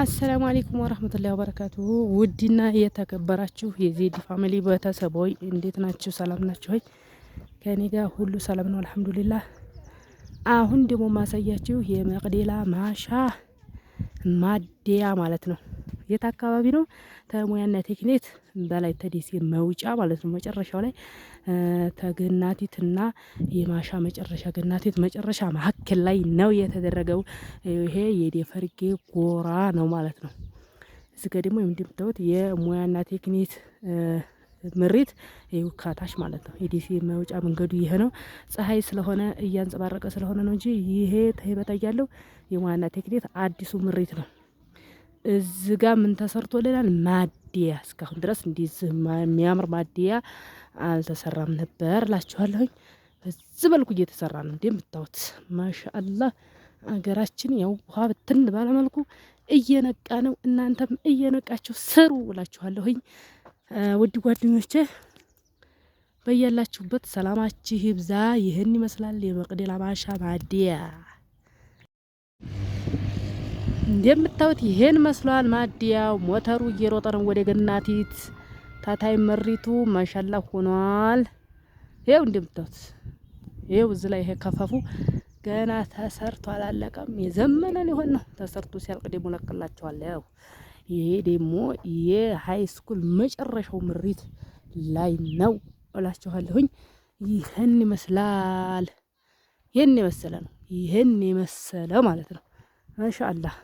አሰላሙ አሌይኩም ወራህመቱላሂ ወበረካቱሁ። ውድና የተከበራችሁ የዜዲ ፋሚሊ ቤተሰቦች እንዴት ናችሁ? ሰላም ናችሁ ከኔ ጋር ሁሉ ሰላም ነው አልሐምዱሊላህ። አሁን ደግሞ ማሳያችሁ የመቅደላ ማሻ ማደያ ማለት ነው። የት አካባቢ ነው? ተሙያና ቴክኔት በላይ ተደሴ መውጫ ማለት ነው። መጨረሻው ላይ ተገናቲትና የማሻ መጨረሻ ገናቲት መጨረሻ መሀከል ላይ ነው የተደረገው። ይሄ የደፈርጌ ጎራ ነው ማለት ነው። እዚህ ጋ ደግሞ እንደምታዩት የሙያና ቴክኒት ምሪት ከታች ማለት ነው። የደሴ መውጫ መንገዱ ይሄ ነው። ፀሐይ ስለሆነ እያንጸባረቀ ስለሆነ ነው እንጂ ይሄ ተበታ ያለው የሙያና ቴክኒት አዲሱ ምሪት ነው። እዚ ጋ ምን ተሰርቶልናል? ማዲያ እስካሁን ድረስ እንዲህ የሚያምር ማዲያ አልተሰራም ነበር ላችኋለሁኝ። በዚህ መልኩ እየተሰራ ነው እንደምታዩት። ማሻአላህ አገራችን ያው ውሃ ብትን ባለመልኩ እየነቃ ነው። እናንተም እየነቃችሁ ስሩ ላችኋለሁኝ። ውድ ጓደኞቼ በያላችሁበት ሰላማችሁ ይብዛ። ይህን ይመስላል የመቅደላ ማሻ ማዲያ። የምታዩት ይሄን መስሏል። ማዲያው ሞተሩ እየሮጠ ነው ወደ ገናቲት ታታይ መሪቱ ማሻላ ሆኗል። ይሄው እንደምታዩት ይሄው እዚ ላይ ይሄ ከፈፉ ገና ተሰርቶ አላለቀም። የዘመነ ሊሆን ነው። ተሰርቶ ሲያልቅ ደግሞ ለቅላቸዋለሁ። ይሄ ደግሞ የሃይ ስኩል መጨረሻው ምሪት ላይ ነው እላችኋለሁኝ። ይህን ይመስላል። ይህን የመሰለ ነው። ይህን የመሰለ ማለት ነው። ማሻአላህ